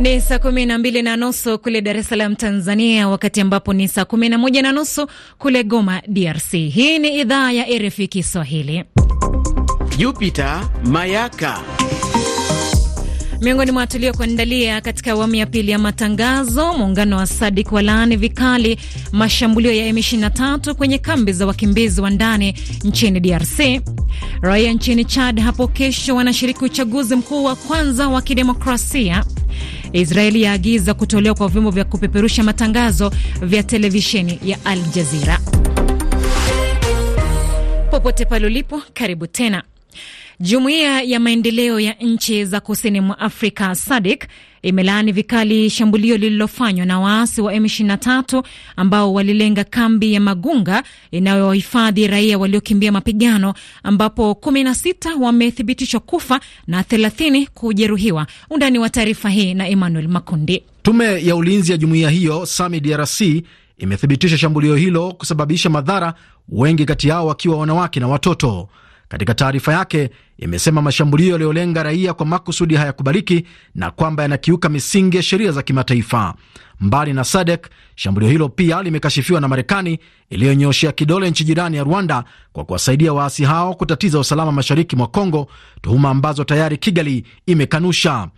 Ni saa kumi na mbili na nusu kule Dar es Salaam, Tanzania, wakati ambapo ni saa kumi na moja na nusu kule Goma, DRC. Hii ni idhaa ya RFI Kiswahili. Jupita Mayaka miongoni mwa tuliokuandalia katika awamu ya pili ya matangazo. Muungano wa Sadik walaani vikali mashambulio ya M23 kwenye kambi za wakimbizi wa ndani nchini DRC. Raia nchini Chad hapo kesho wanashiriki uchaguzi mkuu wa kwanza wa kidemokrasia. Israeli yaagiza kutolewa kwa vyombo vya kupeperusha matangazo vya televisheni ya Al Jazeera. Popote pale ulipo, karibu tena. Jumuiya ya maendeleo ya nchi za kusini mwa Afrika SADC imelaani vikali shambulio lililofanywa na waasi wa M23 ambao walilenga kambi ya Magunga inayohifadhi raia waliokimbia mapigano, ambapo 16 wamethibitishwa kufa na 30 kujeruhiwa. Undani wa taarifa hii na Emmanuel Makundi. Tume ya ulinzi ya jumuiya hiyo SAMI DRC imethibitisha shambulio hilo kusababisha madhara, wengi kati yao wakiwa wanawake na watoto. Katika taarifa yake imesema mashambulio yaliyolenga raia kwa makusudi hayakubaliki na kwamba yanakiuka misingi ya sheria za kimataifa. Mbali na SADC, shambulio hilo pia limekashifiwa na Marekani iliyonyoshea kidole nchi jirani ya Rwanda kwa kuwasaidia waasi hao kutatiza usalama mashariki mwa Kongo, tuhuma ambazo tayari Kigali imekanusha.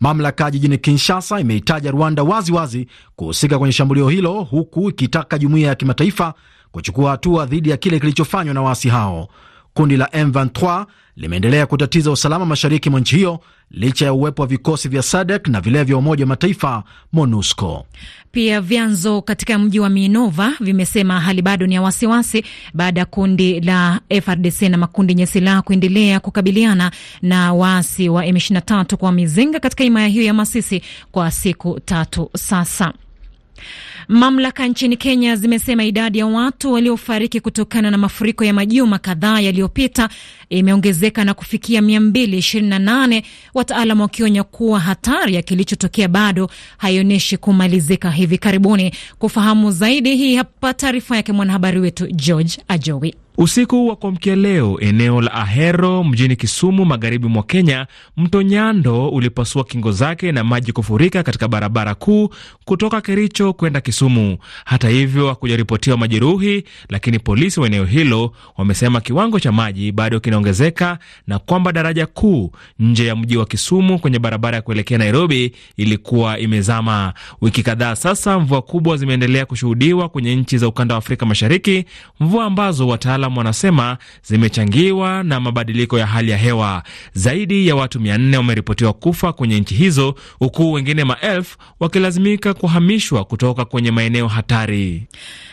Mamlaka jijini Kinshasa imeitaja Rwanda waziwazi wazi kuhusika kwenye shambulio hilo huku ikitaka jumuiya ya kimataifa kuchukua hatua dhidi ya kile kilichofanywa na waasi hao. Kundi la M23 limeendelea kutatiza usalama mashariki mwa nchi hiyo licha ya uwepo wa vikosi vya SADC na vile vya Umoja wa Mataifa MONUSCO. Pia vyanzo katika mji wa Minova vimesema hali bado ni ya wasiwasi baada ya kundi la FRDC na makundi yenye silaha kuendelea kukabiliana na waasi wa M23 kwa mizinga katika himaya hiyo ya Masisi kwa siku tatu sasa. Mamlaka nchini Kenya zimesema idadi ya watu waliofariki kutokana na mafuriko ya majuma kadhaa yaliyopita imeongezeka na kufikia 228, wataalam wakionya kuwa hatari ya kilichotokea bado haionyeshi kumalizika hivi karibuni. Kufahamu zaidi, hii hapa taarifa yake mwanahabari wetu George Ajowi. Usiku wa kuamkia leo, eneo la Ahero mjini Kisumu, magharibi mwa Kenya, mto Nyando ulipasua kingo zake na maji kufurika katika barabara kuu kutoka Kericho kwenda Kisumu. Hata hivyo, hakujaripotiwa majeruhi, lakini polisi wa eneo hilo wamesema kiwango cha maji bado kinaongezeka na kwamba daraja kuu nje ya mji wa Kisumu kwenye barabara ya kuelekea Nairobi ilikuwa imezama. Wiki kadhaa sasa, mvua kubwa zimeendelea kushuhudiwa kwenye nchi za ukanda wa Afrika Mashariki, mvua ambazo wataalam wataalamu wanasema zimechangiwa na mabadiliko ya hali ya hewa. Zaidi ya watu nne wameripotiwa kufa kwenye nchi hizo, huku wengine maelfu wakilazimika kuhamishwa kutoka kwenye maeneo hatari.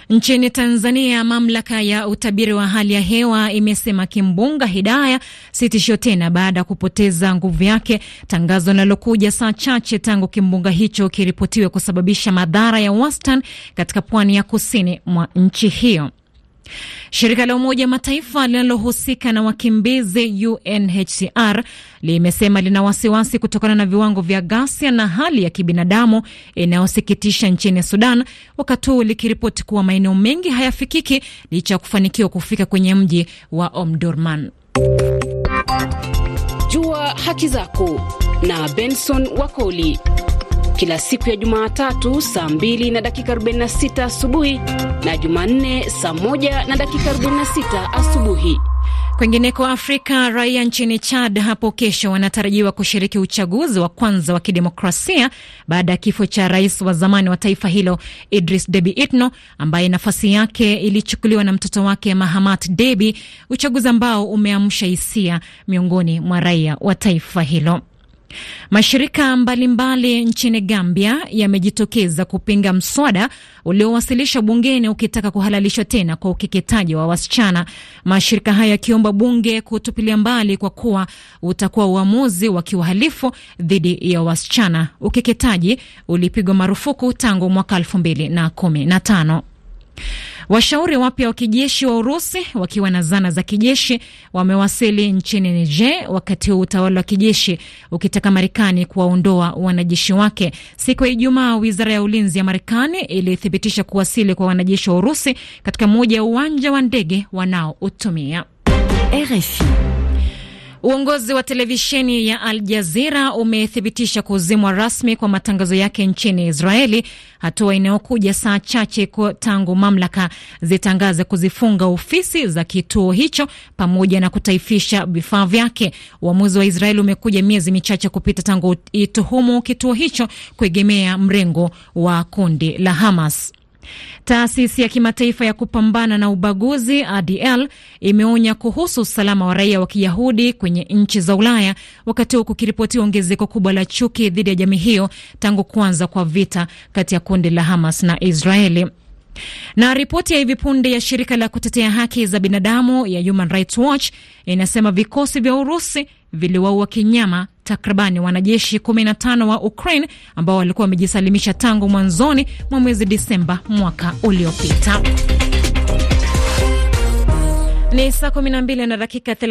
Nchini Tanzania, mamlaka ya utabiri wa hali ya hewa imesema kimbunga Hidaya si tishio tena baada ya kupoteza nguvu yake, tangazo linalokuja saa chache tangu kimbunga hicho kiripotiwe kusababisha madhara ya wastani katika pwani ya kusini mwa nchi hiyo. Shirika la Umoja wa Mataifa linalohusika na wakimbizi UNHCR limesema lina wasiwasi kutokana na viwango vya ghasia na hali ya kibinadamu inayosikitisha nchini Sudan, wakati huu likiripoti kuwa maeneo mengi hayafikiki licha ya kufanikiwa kufika kwenye mji wa Omdurman. Jua haki zako na Benson Wakoli kila siku ya Jumatatu saa 2 na dakika 46 asubuhi na Jumanne saa 1 na dakika 46 asubuhi. Kwingineko Afrika, raia nchini Chad hapo kesho wanatarajiwa kushiriki uchaguzi wa kwanza wa kidemokrasia baada ya kifo cha rais wa zamani wa taifa hilo Idris Deby Itno, ambaye nafasi yake ilichukuliwa na mtoto wake Mahamat Deby, uchaguzi ambao umeamsha hisia miongoni mwa raia wa taifa hilo. Mashirika mbalimbali mbali nchini Gambia yamejitokeza kupinga mswada uliowasilisha bungeni ukitaka kuhalalishwa tena kwa ukeketaji wa wasichana, mashirika hayo yakiomba bunge kutupilia mbali kwa kuwa utakuwa uamuzi wa kiuhalifu dhidi ya wasichana. Ukeketaji ulipigwa marufuku tangu mwaka elfu mbili na kumi na tano. Washauri wapya wa kijeshi wa Urusi wakiwa na zana za kijeshi wamewasili nchini Niger, wakati huu utawala wa kijeshi ukitaka Marekani kuwaondoa wanajeshi wake. Siku ya Ijumaa, wizara ya ulinzi ya Marekani ilithibitisha kuwasili kwa wanajeshi wa Urusi katika moja ya uwanja wa ndege wanaoutumia. RFI Uongozi wa televisheni ya Al Jazira umethibitisha kuzimwa rasmi kwa matangazo yake nchini Israeli, hatua inayokuja saa chache tangu mamlaka zitangaze kuzifunga ofisi za kituo hicho pamoja na kutaifisha vifaa vyake. Uamuzi wa Israeli umekuja miezi michache kupita tangu ituhumu kituo hicho kuegemea mrengo wa kundi la Hamas. Taasisi ya kimataifa ya kupambana na ubaguzi ADL imeonya kuhusu usalama wa raia wa Kiyahudi kwenye nchi za Ulaya, wakati huu kukiripotiwa ongezeko kubwa la chuki dhidi ya jamii hiyo tangu kuanza kwa vita kati ya kundi la Hamas na Israeli. Na ripoti ya hivi punde ya shirika la kutetea haki za binadamu ya Human Rights Watch inasema vikosi vya Urusi viliwaua kinyama takribani wanajeshi 15 wa Ukraine ambao walikuwa wamejisalimisha tangu mwanzoni mwa mwezi Disemba mwaka uliopita. Ni saa 12 na dakika